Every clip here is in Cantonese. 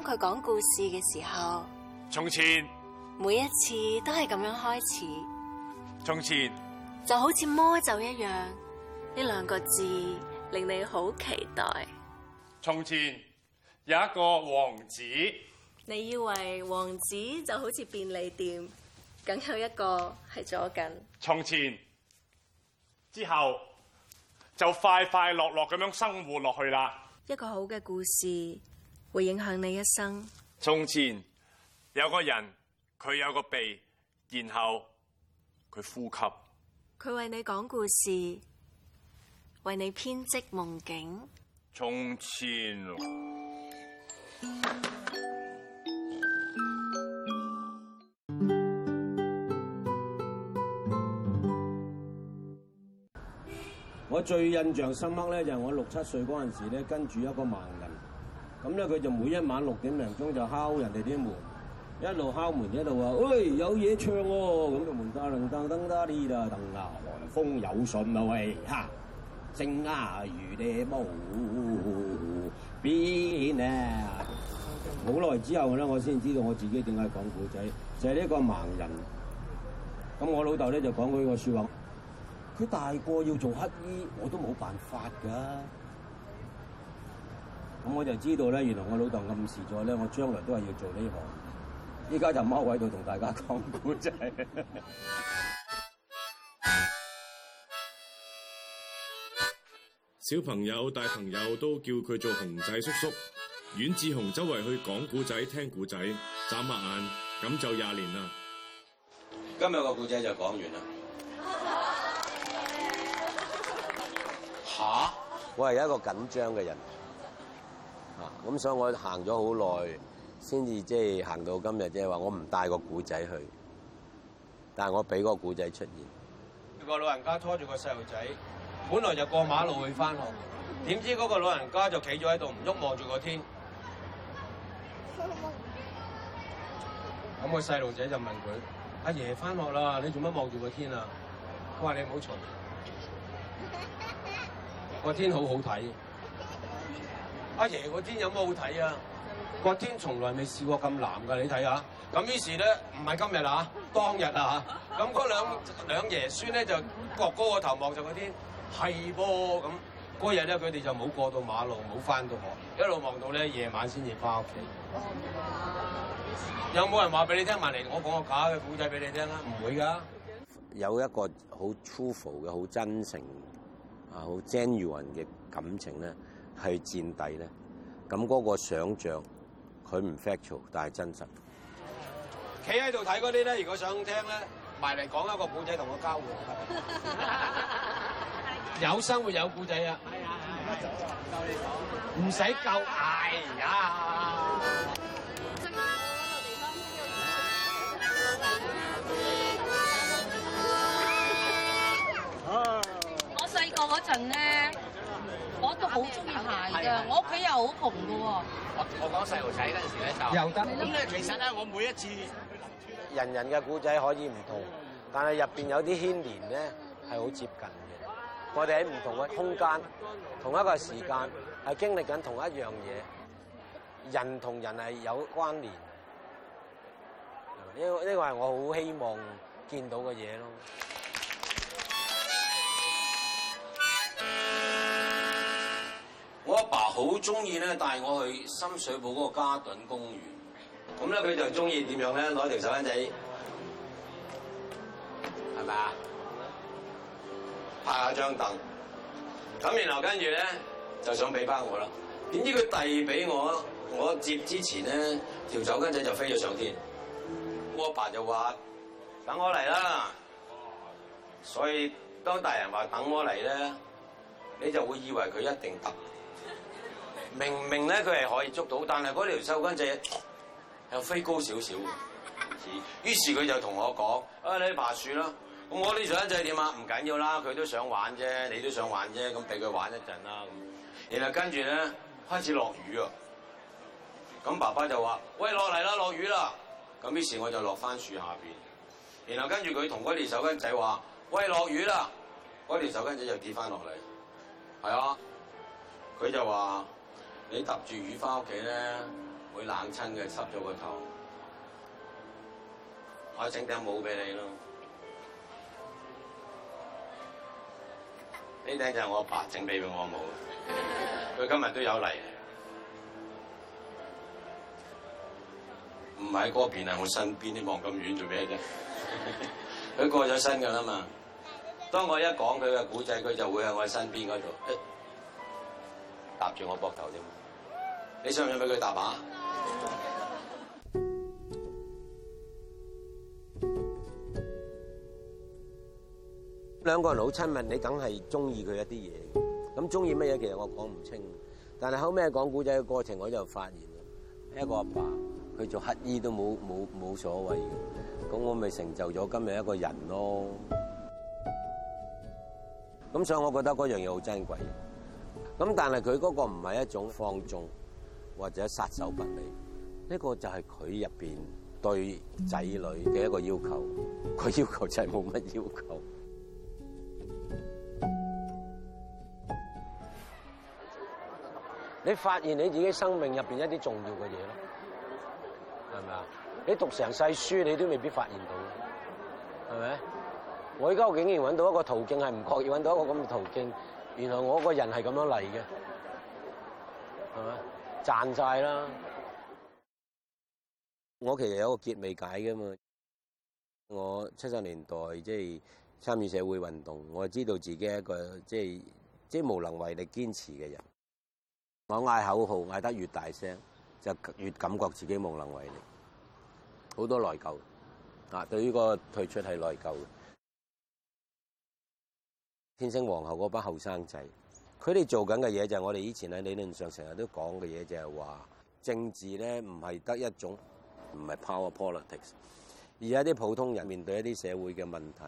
當佢講故事嘅時候，從前每一次都係咁樣開始。從前就好似魔咒一樣，呢兩個字令你好期待。從前有一個王子，你以為王子就好似便利店，梗有一個係左近。從前之後就快快樂樂咁樣生活落去啦。一個好嘅故事。會影響你一生。從前有個人，佢有個鼻，然後佢呼吸。佢為你講故事，為你編織夢境。從前， 我最印象深刻咧，就係我六七歲嗰陣時咧，跟住一個盲。咁咧佢就每一晚六點零鐘就敲人哋啲門，一路敲門一路話，喂，有嘢唱喎！咁就門打龍打燈打啲就等啊，寒風有信啦、啊、喂！哈，正 啊樂如你無邊啊！好耐之後咧，我先知道我自己點解講古仔，就係呢個盲人。咁我老豆咧就講佢個説話，佢大個要做乞衣，我都冇辦法㗎。咁我就知道咧，原來我老豆暗示咗咧，我將來都係要做呢行。依家就踎喺度同大家講古仔。小朋友、大朋友都叫佢做雄仔叔叔。阮志雄周圍去講古仔、聽古仔、眨下眼，咁就廿年啦。今日個古仔就講完啦。吓？我係一個緊張嘅人。咁、啊、所以我行咗好耐，先至即係行到今日，即係話我唔帶個古仔去，但係我俾個古仔出現。個老人家拖住個細路仔，本來就過馬路去翻學，點知嗰個老人家就企咗喺度唔喐，望住個天，咁、嗰個細路仔就問佢：阿爺翻學啦，你做乜望住個天啊？佢話你唔 好嘈，個天好好睇。阿爺嗰天有冇好睇啊？嗰天從來未試過咁藍㗎，你睇下。咁於是咧，唔係今日啦、啊，當日啦嚇。咁、啊、嗰兩兩爺孫咧就擱高個頭望著那天是、嗰個天，係噃。咁嗰日咧，佢哋就冇過到馬路，冇翻到學，一路望到咧夜晚先至翻屋企。嗯嗯嗯嗯、有冇人話俾你聽？埋嚟我講個假嘅故仔俾你聽啦，唔會㗎。有一個好 t r u f u l 嘅、好真情啊、好 genuine 嘅感情咧。係戰地咧，咁嗰個想像佢唔 factual，但係真實。企喺度睇嗰啲咧，如果想聽咧，埋嚟講一個古仔同我交換 有生活，有古仔、 哎、呀啊！救你啊，唔使救呀！ 我細個嗰陣咧。都好中意鞋噶，我屋企又好窮噶喎。我我講細路仔嗰陣時咧就又得，咁咧其實咧，我每一次人人嘅故仔可以唔同，但係入邊有啲牽連咧係好接近嘅。我哋喺唔同嘅空間，同一個時間係經歷緊同一樣嘢，人同人係有關聯。呢個呢個係我好希望見到嘅嘢咯。好中意咧帶我去深水埗嗰個嘉頓公園，咁咧佢就中意點樣咧攞條手巾仔，係咪啊？拍下張凳，咁然後跟住咧就想俾翻我啦。點知佢遞俾我，我接之前咧條手巾仔就飛咗上天。我阿爸、嗯、就話：等我嚟啦。嗯、所以當大人話等我嚟咧，你就會以為佢一定得。明明咧佢係可以捉到，但係嗰條手巾仔又飛高少少。於是佢就同我講：啊、哎，你爬樹啦。咁、嗯、我呢條、哎嗯、手巾仔點啊？唔緊要啦，佢都想玩啫，你都想玩啫，咁俾佢玩一陣啦。咁、嗯，然後跟住咧開始落雨啊。咁爸爸就話：喂，落嚟啦，落雨啦。咁於是我就落翻樹下邊。然後跟住佢同嗰條手巾仔話：喂，落雨啦。嗰條手巾仔就跌翻落嚟。係啊，佢就話。你揼住雨翻屋企咧，會冷親嘅，濕咗個頭。我整頂帽俾你咯。呢頂就係我阿爸整俾我帽。佢今日都有嚟。唔喺嗰邊，喺我身邊。你望咁遠做咩啫？佢 過咗身噶啦嘛。當我一講佢嘅古仔，佢就會喺我身邊嗰度，揼、哎、住我膊頭添。你想唔想俾佢打靶？兩個人好親密，你梗係中意佢一啲嘢嘅。咁中意乜嘢？其實我講唔清。但係後尾講古仔嘅過程，我就發現、嗯、一個阿爸，爸，佢做乞衣都冇冇冇所謂嘅。咁我咪成就咗今日一個人咯。咁所以，我覺得嗰樣嘢好珍貴。咁但係佢嗰個唔係一種放縱。或者殺手不利，呢、呢個就係佢入邊對仔女嘅一個要求。佢、嗰個、要求就係冇乜要求。你發現你自己生命入邊一啲重要嘅嘢咯，係咪啊？你讀成世書，你都未必發現到，係咪？我而家竟然揾到一個途徑係唔確，要揾到一個咁嘅途徑，原來我個人係咁樣嚟嘅，係咪？賺晒啦！我其實有個結未解嘅嘛。我七十年代即係參與社會運動，我知道自己一個即係即係無能為力堅持嘅人。我嗌口號嗌得越大聲，就越感覺自己無能為力，好多內疚啊！對於個退出係內疚嘅。天星皇后嗰班後生仔。佢哋做緊嘅嘢就係我哋以前喺理論上成日都講嘅嘢，就係話政治咧唔係得一種，唔係 power politics，而係啲普通人面對一啲社會嘅問題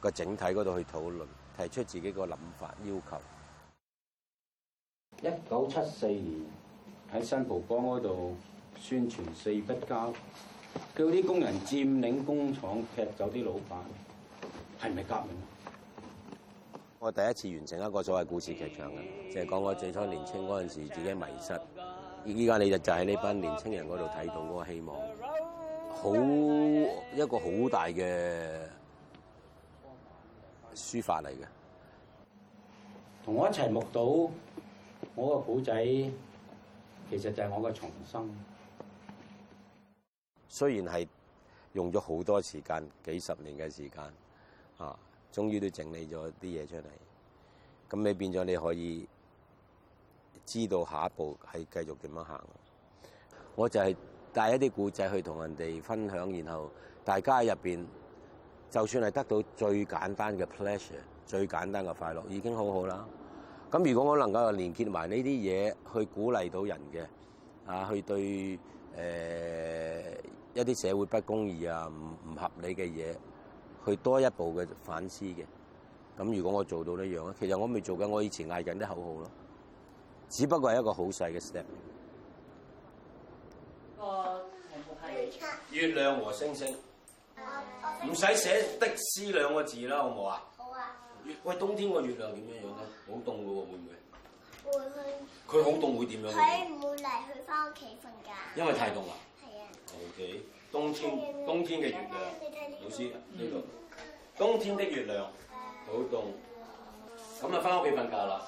個整體嗰度去討論，提出自己個諗法要求。一九七四年喺新蒲崗嗰度宣傳四不交，叫啲工人佔領工廠，踢走啲老闆，係咪革命？我第一次完成一個所謂故事劇場嘅，就係講我最初年青嗰陣時自己迷失，依家你就就喺呢班年青人嗰度睇到嗰個希望，好一個好大嘅抒發嚟嘅，同我一齊目睹我個古仔，其實就係我嘅重生。雖然係用咗好多時間，幾十年嘅時間，啊。終於都整理咗啲嘢出嚟，咁你變咗你可以知道下一步係繼續點樣行。我就係帶一啲故仔去同人哋分享，然後大家喺入邊，就算係得到最簡單嘅 pleasure、最簡單嘅快樂，已經好好啦。咁如果我能夠連結埋呢啲嘢去鼓勵到人嘅，啊，去對誒、呃、一啲社會不公義啊、唔唔合理嘅嘢。佢多一步嘅反思嘅，咁如果我做到呢樣啊，其實我未做緊，我以前嗌緊啲口號咯，只不過係一個好細嘅 step。個題目係月亮和星星，唔使、嗯、寫的士兩個字啦，好冇啊？好啊。喂，冬天個月亮點樣樣咧？好凍嘅喎，會唔會？會去。佢好凍會點樣？佢唔會嚟去翻屋企瞓覺。因為太凍啊？係啊。O K。冬天，冬天嘅月亮，老師呢度。冬天的月亮好凍，咁啊，返屋企瞓覺啦。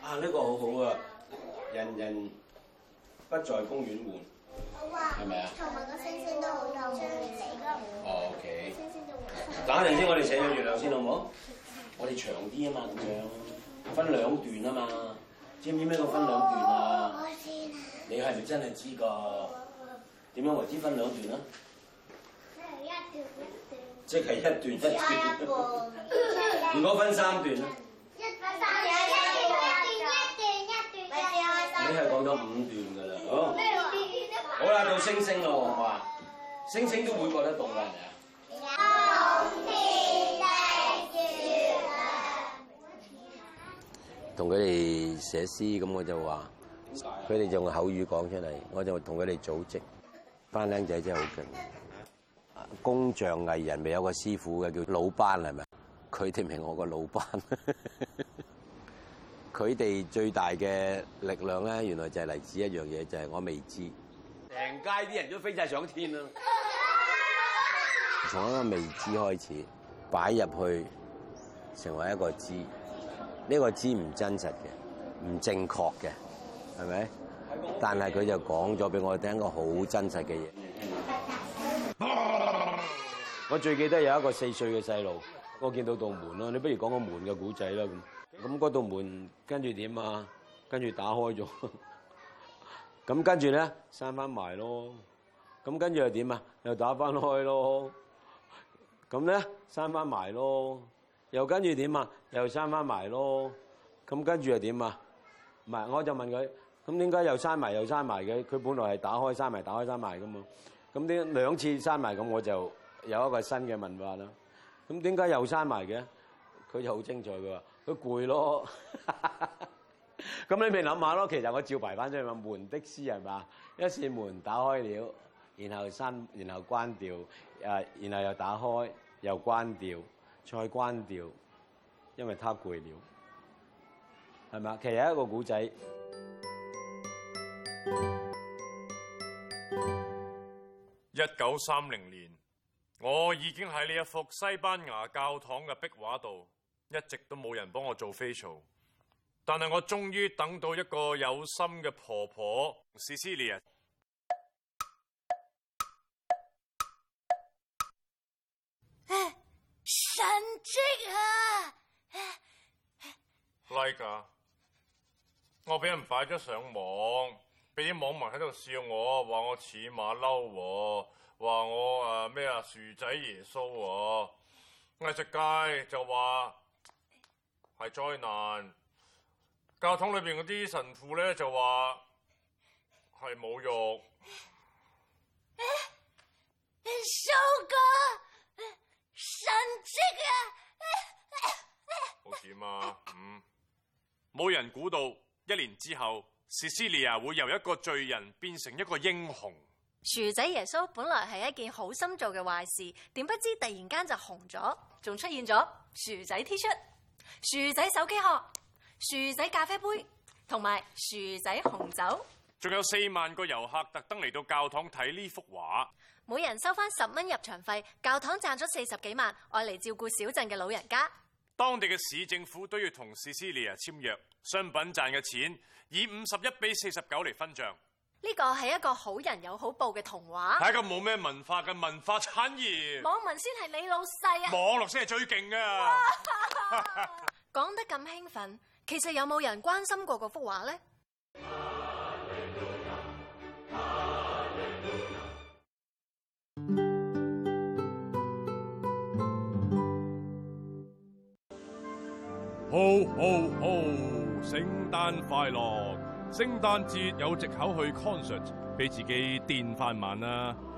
啊，呢個好好啊！人人不在公園玩，係咪啊？同埋個星星都好凍。嗯、OK、okay、等陣先，我哋寫咗月亮先好唔好？嗯、我哋長啲啊嘛，咁樣分兩段啊嘛，知唔知咩叫分兩段啊？哦。你係咪真係知個，點樣為之分兩段啊？即係一段一段。即係一段一段。如果分三段咧？一段一段一段一段一段。你係講咗五段噶啦，好，好啦，到星星咯，我話星星都會覺得動㗎，係咪啊？同佢哋寫詩咁，我就話。佢哋就用口語講出嚟，我就同佢哋組織。班僆仔真係好勁，工匠藝人咪有一個師傅嘅叫老班係咪？佢哋唔係我個老班。佢 哋最大嘅力量咧，原來就係嚟自一樣嘢，就係、是、我未知。成街啲人都飛晒上天啦！從一個未知開始擺入去，成為一個知。呢、這個知唔真實嘅，唔正確嘅。係咪？但係佢就講咗俾我哋聽一個好真實嘅嘢。我最記得有一個四歲嘅細路，我見到道門咯。你不如講個門嘅古仔啦。咁咁嗰道門跟住點啊？跟住打開咗。 咁跟住咧，閂翻埋咯。咁跟住又點啊？又打翻開咯。咁咧，閂翻埋咯。又跟住點啊？又閂翻埋咯。咁跟住又點啊？唔係，我就問佢。咁點解又閂埋又閂埋嘅？佢本來係打開閂埋，打開閂埋㗎嘛。咁啲兩次閂埋咁，我就有一個新嘅問法啦。咁點解又閂埋嘅？佢就好精彩㗎。佢攰咯。咁你咪諗下咯。其實我照排翻出去嘛。門的詩係嘛？一次門打開了，然後閂，然後關掉。誒，然後又打開，又關掉，再關掉，因為他攰了，係咪啊？其實一個故仔。一九三零年，我已經喺呢一幅西班牙教堂嘅壁畫度，一直都冇人幫我做 facial，但係我終於等到一個有心嘅婆婆，Cecilia。哎，神經啊 like. 我俾人擺咗上網。俾啲網民喺度笑我，話我似馬騮，話我誒咩啊薯仔耶穌啊，藝術界就話係災難，教堂裏邊嗰啲神父咧就話係侮辱。啊、神蹟嘅、啊，啊啊、好點啊？嗯，冇人估到一年之後。史斯利亞會由一個罪人變成一個英雄。薯仔耶穌本來係一件好心做嘅壞事，點不知突然間就紅咗，仲出現咗薯仔 T 出、薯仔手機殼、薯仔咖啡杯同埋薯仔紅酒。仲有四萬個遊客特登嚟到教堂睇呢幅畫，每人收翻十蚊入場費，教堂賺咗四十幾萬，愛嚟照顧小鎮嘅老人家。當地嘅市政府都要同史斯利 a 簽約，商品賺嘅錢以五十一比四十九嚟分賬，呢個係一個好人有好報嘅童話，係一個冇咩文化嘅文化產業。 網民先係你老細啊，網絡先係最勁㗎！講得咁興奮，其實有冇人關心過嗰幅畫咧？好好好聖誕快樂！聖誕節有藉口去 concert，俾自己電返晚啦～